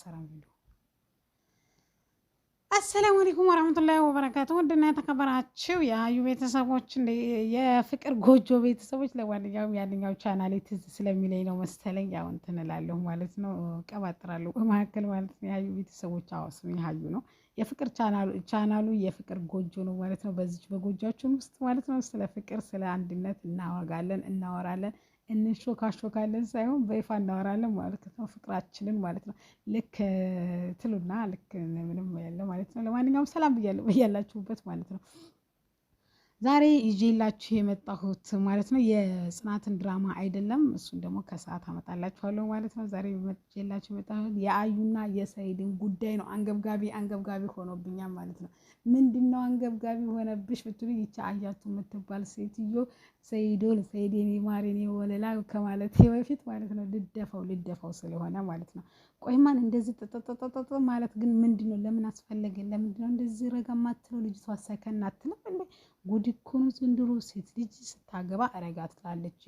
አትሰራም ቪዲዮ። አሰላሙ አለይኩም ወራህመቱላሂ ወበረካቱ። ውድና የተከበራችሁ የአዩ ቤተሰቦች፣ የፍቅር ጎጆ ቤተሰቦች፣ ለጓደኛውም ያንኛው ቻናሌ ትዝ ስለሚለኝ ነው መሰለኝ ያው እንትን እላለሁ ማለት ነው ቀባጥራለሁ በመካከል ማለት ነው። የአዩ ቤተሰቦች አዋስኝ ያዩ ነው የፍቅር ቻናሉ የፍቅር ጎጆ ነው ማለት ነው። በዚች በጎጆችን ውስጥ ማለት ነው ስለ ፍቅር ስለ አንድነት እናወጋለን፣ እናወራለን፣ እንሾካሾካለን ሳይሆን በይፋ እናወራለን ማለት ነው። ፍቅራችንን ማለት ነው። ልክ ትሉና ልክ ምንም ያለ ማለት ነው። ለማንኛውም ሰላም ብያለሁ ብያላችሁበት ማለት ነው። ዛሬ ይዤላችሁ የመጣሁት ማለት ነው የጽናትን ድራማ አይደለም። እሱን ደግሞ ከሰዓት አመጣላችኋለሁ ማለት ነው። ዛሬ ይዤላችሁ የመጣሁት የአዩና የሰይድን ጉዳይ ነው። አንገብጋቢ አንገብጋቢ ሆኖብኛል ማለት ነው። ምንድን ነው አንገብጋቢ ሆነብሽ ብትሉ ይቻ አያችሁ የምትባል ሴትዮ ሰይዶል ሰይድ የኔ ማር ወለላ ከማለት በፊት ማለት ነው ልደፈው ልደፈው ስለሆነ ማለት ነው። ቆይማን እንደዚህ ጠጠጠጠጠ ማለት ግን ምንድን ነው? ለምን አስፈለገ? ለምንድን ነው እንደዚህ ረጋ ማትለው? ልጅቷ ሰከን አትልም እንዴ? ጉድ እኮ ነው ዘንድሮ። ሴት ልጅ ስታገባ ረጋ ትላለች።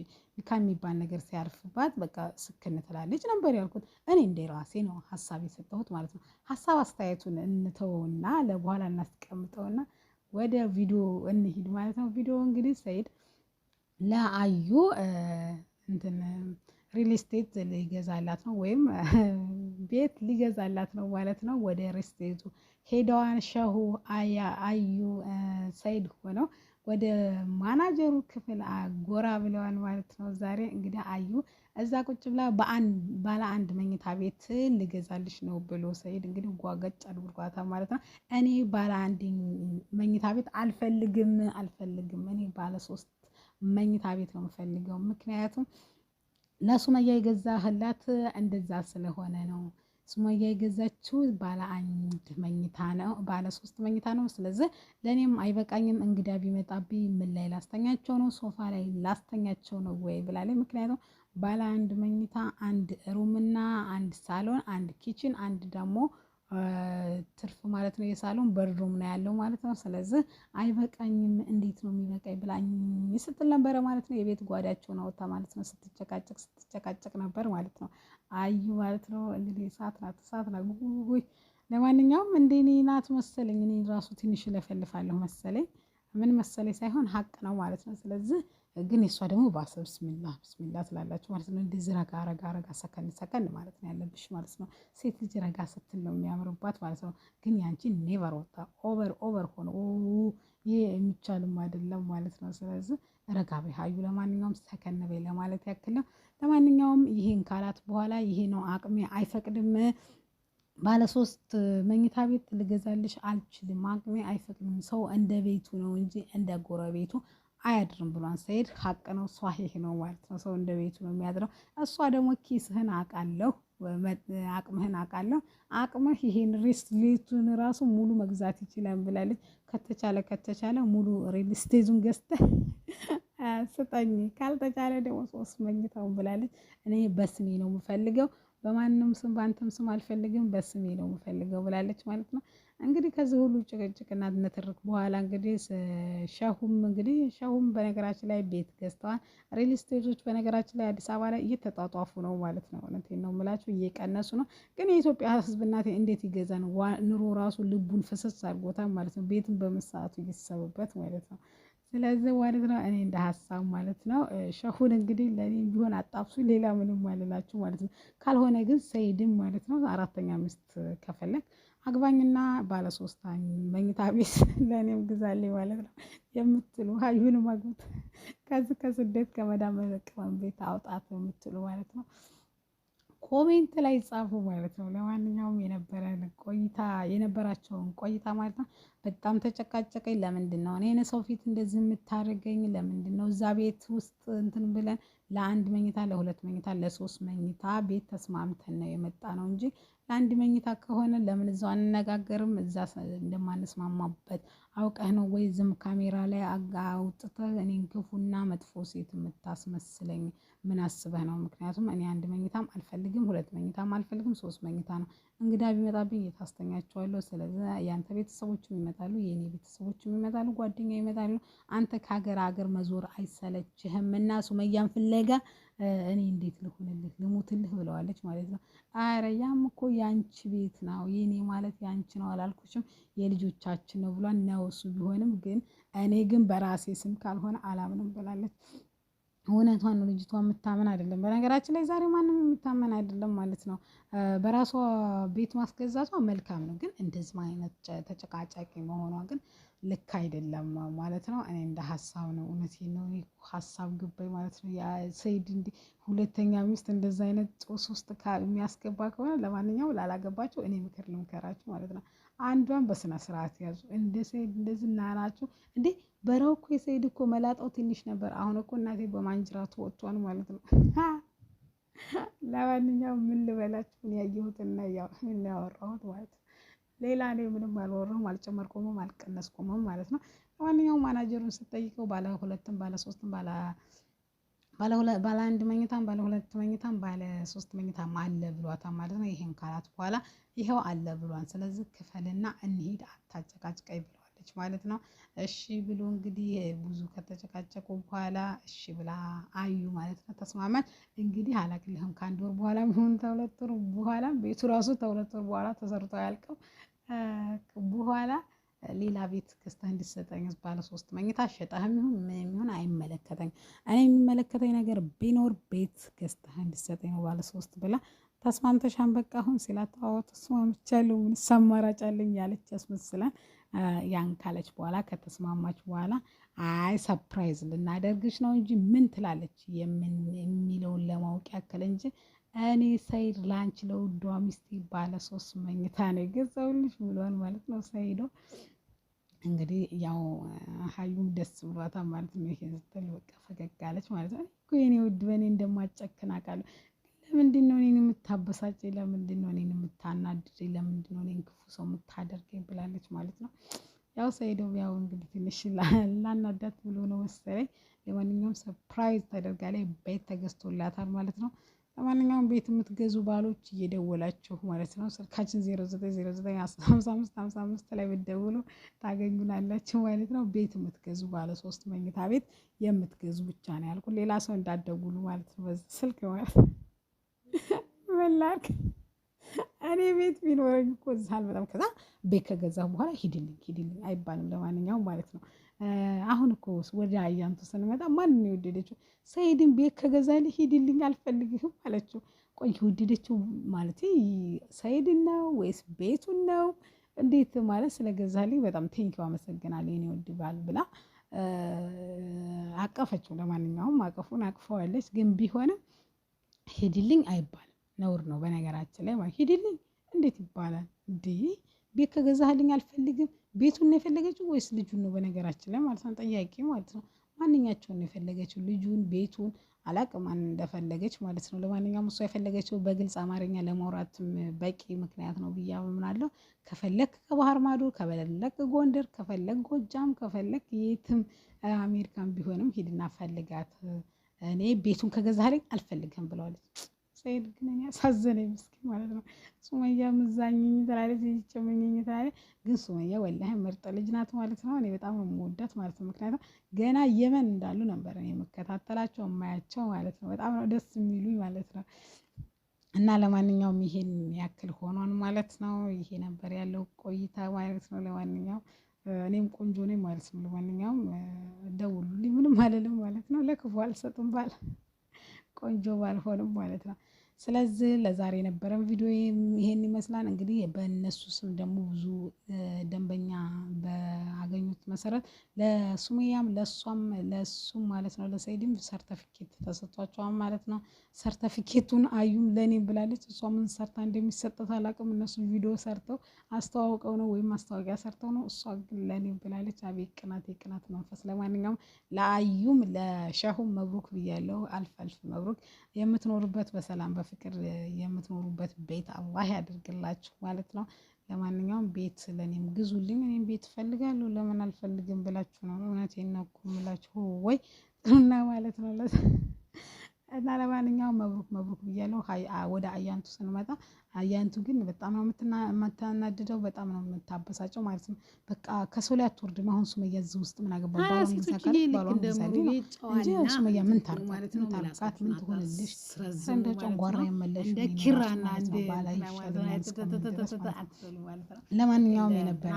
የሚባል ነገር ሲያርፍባት በቃ ስክን ትላለች ነበር ያልኩት እኔ እንደ ራሴ ነው ሀሳብ የሰጠሁት ማለት ነው። ሀሳብ አስተያየቱን እንተውና ለበኋላ እናስቀምጠውና ወደ ቪዲዮ እንሂድ ማለት ነው። ቪዲዮ እንግዲህ ሰይድ ለአዩ እንትን ሪል ስቴት ሊገዛላት ነው ወይም ቤት ሊገዛላት ነው ማለት ነው። ወደ ሪል ስቴቱ ሄደዋን ሸሁ አያ አዩ ሰይድ ሆነው ወደ ማናጀሩ ክፍል ጎራ ብለዋል ማለት ነው። ዛሬ እንግዲህ አዩ እዛ ቁጭ ብላ ባለ አንድ መኝታ ቤት ልገዛልሽ ነው ብሎ ሰይድ እንግዲህ ጓገጭ አድርጓታ ማለት ነው። እኔ ባለ አንድ መኝታ ቤት አልፈልግም አልፈልግም እኔ ባለ ሶስት መኝታ ቤት ነው የምፈልገው። ምክንያቱም ለሱመያ የገዛህላት እንደዛ ስለሆነ ነው። ሱመያ የገዛችው ባለ አንድ መኝታ ነው፣ ባለ ሶስት መኝታ ነው። ስለዚህ ለእኔም አይበቃኝም፣ እንግዳ ቢመጣብኝ ምን ላይ ላስተኛቸው ነው? ሶፋ ላይ ላስተኛቸው ነው ወይ ብላለች። ምክንያቱም ባለ አንድ መኝታ አንድ ሩምና አንድ ሳሎን፣ አንድ ኪችን፣ አንድ ደግሞ ትርፍ ማለት ነው የሳሎን በድሮም ነው ያለው ማለት ነው። ስለዚህ አይበቃኝም እንዴት ነው የሚበቃኝ ብላኝ ስትል ነበረ ማለት ነው። የቤት ጓዳቸውን አወጣ ማለት ነው። ስትጨቃጨቅ ስትጨቃጨቅ ነበር ማለት ነው። አዩ ማለት ነው እንግዲህ እሳት ናት እሳት ናት። ለማንኛውም እንደ ናት መሰለኝ። እኔ ራሱ ትንሽ ለፈልፋለሁ መሰለኝ ምን መሰለኝ ሳይሆን ሀቅ ነው ማለት ነው። ስለዚህ ግን የእሷ ደግሞ ባሰ ብስሚላ ብስሚላ ትላላችሁ ማለት ነው። እንደዚህ ረጋ ረጋ ረጋ ሰከን ሰከን ማለት ነው ያለብሽ ማለት ነው። ሴት ልጅ ረጋ ስትል ነው የሚያምርባት ማለት ነው። ግን ያንቺ ኔቨር ወጣ ኦቨር ኦቨር ሆነ ይሄ የሚቻልም አይደለም ማለት ነው። ስለዚህ ረጋ በይ ሀዩ ለማንኛውም ሰከን በይ ለማለት ያክል ነው። ለማንኛውም ይሄን ካላት በኋላ ይሄ ነው አቅሜ አይፈቅድም ባለ ሶስት መኝታ ቤት ልገዛልሽ አልችልም፣ አቅሜ አይፈቅድም። ሰው እንደ ቤቱ ነው እንጂ እንደ ጎረቤቱ አያድርም ብሏን ሰሄድ ሀቅ ነው፣ ሷሄ ነው ማለት ነው። ሰው እንደ ቤቱ ነው የሚያድረው። እሷ ደግሞ ኪስህን አውቃለሁ፣ አቅምህን አውቃለሁ፣ አቅምህ ይሄን ሪስት ራሱ ሙሉ መግዛት ይችላል ብላለች። ከተቻለ ከተቻለ ሙሉ ሪል ስቴዙን ገዝተህ ስጠኝ፣ ካልተቻለ ደግሞ ሶስት መኝታውን ብላለች። እኔ በስሜ ነው የምፈልገው በማንም ስም በአንተም ስም አልፈልግም በስሜ ነው የምፈልገው ብላለች ማለት ነው። እንግዲህ ከዚህ ሁሉ ጭቅጭቅና ንትርክ በኋላ እንግዲህ ሸሁም እንግዲህ ሸሁም በነገራችን ላይ ቤት ገዝተዋል። ሪል ስቴቶች በነገራችን ላይ አዲስ አበባ ላይ እየተጧጧፉ ነው ማለት ነው። እውነቴን ነው የምላችሁ እየቀነሱ ነው። ግን የኢትዮጵያ ህዝብና እንዴት ይገዛ ነው ኑሮ ራሱ ልቡን ፍሰስ አድርጎታል ማለት ነው። ቤትን በምን ሰዓቱ ማለት ነው። ስለዚህ ማለት ነው እኔ እንደ ሀሳብ ማለት ነው ሸሁን እንግዲህ ለእኔ ቢሆን አጣብሱ ሌላ ምንም አልላችሁ ማለት ነው። ካልሆነ ግን ሰይድም ማለት ነው አራተኛ ሚስት ከፈለግ አግባኝና ባለ መኝታ ቤት ለእኔም ግዛልኝ ማለት ነው የምትሉ ሀዩን ማግባት ከዚህ ከስደት ከመዳም መዘቀመን ቤት አውጣት የምትሉ ማለት ነው ኮሜንት ላይ ጻፉ ማለት ነው። ለማንኛውም የነበረን ቆይታ የነበራቸውን ቆይታ ማለት ነው በጣም ተጨቃጨቀኝ። ለምንድን ነው እኔ ሰው ፊት እንደዚህ የምታደርገኝ? ለምንድን ነው እዛ ቤት ውስጥ እንትን ብለን ለአንድ መኝታ፣ ለሁለት መኝታ፣ ለሶስት መኝታ ቤት ተስማምተን ነው የመጣ ነው እንጂ ለአንድ መኝታ ከሆነ ለምን እዛው አንነጋገርም? እዛ እንደማንስማማበት አውቀህ ነው ወይ ዝም ካሜራ ላይ አውጥተህ እኔን ክፉና መጥፎ ሴት የምታስመስለኝ ምን አስበህ ነው? ምክንያቱም እኔ አንድ መኝታም አልፈልግም፣ ሁለት መኝታም አልፈልግም፣ ሶስት መኝታ ነው እንግዳ ቢመጣብኝ የታስተኛቸዋለሁ። ስለዚህ የአንተ ቤተሰቦችም ይመጣሉ፣ የእኔ ቤተሰቦችም ይመጣሉ፣ ጓደኛ ይመጣሉ። አንተ ከሀገር ሀገር መዞር አይሰለችህም እና ሱመያን ፍለጋ እኔ እንዴት ልሁንልህ ልሙትልህ ብለዋለች ማለት ነው። አረ ያም እኮ የአንቺ ቤት ነው የኔ ማለት የአንቺ ነው አላልኩሽም የልጆቻችን ነው ብሏን ነው እሱ ቢሆንም ግን እኔ ግን በራሴ ስም ካልሆነ አላምንም ብላለች። እውነቷን ነው ልጅቷ የምታመን አይደለም። በነገራችን ላይ ዛሬ ማንም የምታመን አይደለም ማለት ነው። በራሷ ቤት ማስገዛቷ መልካም ነው፣ ግን እንደዚህ አይነት ተጨቃጫቂ መሆኗ ግን ልክ አይደለም ማለት ነው። እኔ እንደ ሀሳብ ነው እውነት ነው ሀሳብ ግባይ ማለት ነው። ሰይድ እንዲ ሁለተኛ ሚስት እንደዛ አይነት ጦስ ውስጥ የሚያስገባ ከሆነ ለማንኛውም ላላገባቸው እኔ ምክር ልምከራችሁ ማለት ነው። አንዷን በስነ ስርዓት ያዙ። እንደ ሰይድ እንደዚህ ናናችሁ እንዴ? በረው እኮ የሰይድ እኮ መላጣው ትንሽ ነበር። አሁን እኮ እናቴ በማንጅራቱ ወጥቷል ማለት ነው። ለማንኛውም ምን ልበላችሁ ያየሁትና ያወራሁት ማለት ነው። ሌላ እኔ ምንም አልወራሁም፣ አልጨመርኩምም፣ አልቀነስኩምም ማለት ነው። ለማንኛውም ማናጀሩን ስጠይቀው ባለ ሁለትም ባለ ሶስትም ባለ ባለ አንድ መኝታም ባለ ሁለት መኝታም ባለ ሶስት መኝታም አለ ብሏታ ማለት ነው። ይሄን ካላት በኋላ ይኸው አለ ብሏን፣ ስለዚህ ክፈልና እንሂድ አታጨቃጭቃይ ብለዋለች ማለት ነው። እሺ ብሎ እንግዲህ ብዙ ከተጨቃጨቁ በኋላ እሺ ብላ አዩ ማለት ነው። ተስማማች እንግዲህ አላቅልህም ከአንድ ወር በኋላ ሆን ተሁለት ወር በኋላ ቤቱ ራሱ ተሁለት ወር በኋላ ተሰርቶ አያልቅም። በኋላ ሌላ ቤት ገዝተህ እንዲሰጠኝ ባለ ሶስት መኝታ ሸጠህም ይሁን ምንም ይሁን አይመለከተኝ። እኔ የሚመለከተኝ ነገር ቢኖር ቤት ገዝተህ እንዲሰጠኝ ነው ባለ ሶስት ብላ ተስማምተሻን በቃ አሁን ሲላተዋወት ስማምቻለሁ ምን ሰማራጫለኝ ያለች ያስመስላል። ያን ካለች በኋላ ከተስማማች በኋላ አይ ሰፕራይዝ ልናደርግሽ ነው እንጂ ምን ትላለች የሚለውን ለማወቅ ያክል እንጂ እኔ ሰይድ ላንች ለውዷ ሚስቴ ባለ ሶስት መኝታ ነው የገዛሁልሽ ብሏል ማለት ነው። ሰይዶ እንግዲህ ያው ሀዩም ደስ ብሏታል ማለት ነው። ይሄ ስትል በቃ ፈገግ አለች ማለት ነው። እኮ የኔ ውድ በእኔ እንደማጨክን አውቃለሁ። ለምንድን ነው እኔን የምታበሳጭ? ለምንድን ነው እኔን የምታናድድ? ለምንድን ነው እኔን ክፉ ሰው የምታደርገኝ? ብላለች ማለት ነው። ያው ሰይዶ ያው እንግዲህ ትንሽ ላናዳት ብሎ ነው መሰለኝ። ለማንኛውም ሰርፕራይዝ ተደርጋ ላይ ቤት ተገዝቶላታል ማለት ነው። ለማንኛውም ቤት የምትገዙ ባሎች እየደወላችሁ ማለት ነው። ስልካችን 09095555 ላይ ብትደውሉ ታገኙናላችሁ ማለት ነው። ቤት የምትገዙ ባለ ሶስት መኝታ ቤት የምትገዙ ብቻ ነው ያልኩት። ሌላ ሰው እንዳትደውሉ ማለት ነው። በዚህ ስልክ ማለት መላክ እኔ ቤት ቢኖረኝ እኮ እዛ አልመጣም። ከዛ ቤት ከገዛሁ በኋላ ሂድልኝ ሂድልኝ አይባልም። ለማንኛውም ማለት ነው አሁን እኮ ወደ አያንቱ ስንመጣ ማን ነው የወደደችው? ሰይድን ቤት ከገዛልህ ሂድልኝ አልፈልግህም አለችው። ቆይ የወደደችው ማለት ሰኢድን ነው ወይስ ቤቱን ነው? እንዴት ማለት ስለገዛልኝ በጣም ቴንኪው አመሰግናለሁ የኔ ወድ ባል ብላ አቀፈችው። ለማንኛውም አቀፉን አቅፈዋለች። ግን ቢሆንም ሂድልኝ አይባልም ነውር ነው። በነገራችን ላይ ሂድልኝ እንዴት ይባላል? እንዲህ ቤት ከገዛልኝ አልፈልግም ቤቱን ነው የፈለገችው ወይስ ልጁን ነው? በነገራችን ላይ ማለት ነው ማለት ነው። ማንኛቸውን ነው የፈለገችው? ልጁን፣ ቤቱን አላቅ ማን እንደፈለገች ማለት ነው። ለማንኛውም እሷ የፈለገችው በግልጽ አማርኛ ለማውራትም በቂ ምክንያት ነው ብዬ አምናለሁ። ከፈለክ ከባህር ማዶ፣ ከፈለክ ጎንደር፣ ከፈለክ ጎጃም፣ ከፈለክ የትም አሜሪካን ቢሆንም ሂድና ፈልጋት። እኔ ቤቱን ከገዛልኝ አልፈልግም ብለዋለች። ሰይድ ግን እኔ አሳዘነኝ ምስኪን ማለት ነው። ሱመያ ምዛኝኝ ትላለች፣ ይጨመኝኝ ትላለች። ግን ሱመያ ወላሂ ምርጥ ልጅ ናት ማለት ነው። እኔ በጣም ነው የምወዳት ማለት ነው። ምክንያቱም ገና የመን እንዳሉ ነበር እኔ የምከታተላቸው የማያቸው ማለት ነው። በጣም ነው ደስ የሚሉኝ ማለት ነው። እና ለማንኛውም ይሄን ያክል ሆኗን ማለት ነው። ይሄ ነበር ያለው ቆይታ ማለት ነው። ለማንኛውም እኔም ቆንጆ ነኝ ማለት ነው። ለማንኛውም ደውሉልኝ፣ ምንም አልልም ማለት ነው። ለክፉ አልሰጡም ባል ቆንጆ ባልሆንም ማለት ነው። ስለዚህ ለዛሬ የነበረን ቪዲዮ ይሄን ይመስላል። እንግዲህ በእነሱ ስም ደግሞ ብዙ ደንበኛ በአገኙት መሰረት ለሱሙያም ለእሷም ለእሱም ማለት ነው ለሰይድም ሰርተፊኬት ተሰጥቷቸዋል ማለት ነው። ሰርተፊኬቱን አዩም ለእኔ ብላለች። እሷምን ሰርታ እንደሚሰጠት አላውቅም። እነሱ ቪዲዮ ሰርተው አስተዋውቀው ነው ወይም ማስታወቂያ ሰርተው ነው። እሷ ግን ለእኔ ብላለች። አቤት ቅናት፣ የቅናት መንፈስ። ለማንኛውም ለአዩም ለሸሁም መብሩክ ብያለው። አልፍ አልፍ መብሩክ። የምትኖርበት በሰላም በፍቅር የምትኖሩበት ቤት አላህ ያደርግላችሁ ማለት ነው። ለማንኛውም ቤት ለእኔም ግዙልኝ፣ እኔም ቤት እፈልጋለሁ፣ ለምን አልፈልግም ብላችሁ ነው። እውነቴን ነው እኮ የምላችሁ ወይ ጥሩና ማለት ነው። እና ለማንኛውም መብሩክ መብሩክ ብያለሁ። ወደ አያንቱ ስንመጣ አያንቱ ግን በጣም ነው የምታናድደው፣ በጣም ነው የምታበሳጨው ማለት ነው። በቃ ከሰው ላይ አትወርድም። አሁን ሱመያ እዚህ ውስጥ ምን አገባ እንጂ ሱመያ ምን ታርቃት፣ ምን ትሆንልሽ? እንደ ጨንጓራ የመለሽ ለማንኛውም የነበረ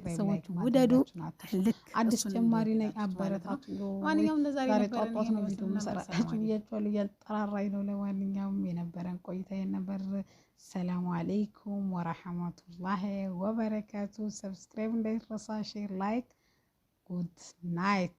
ቤተሰቦች ውደዱ። አዲስ ጀማሪ ነኝ አበረታቱ። ዛሬ ጧጧት ነው ቪዲዮ መሰራታችሁ እያቸዋሉ እያጠራራኝ ነው ለማንኛውም ጋርም የነበረን ቆይታ የነበር። ሰላሙ አለይኩም ወራህመቱላሂ ወበረካቱ። ሰብስክራይብ እንዳይረሳ፣ ሼር፣ ላይክ። ጉድ ናይት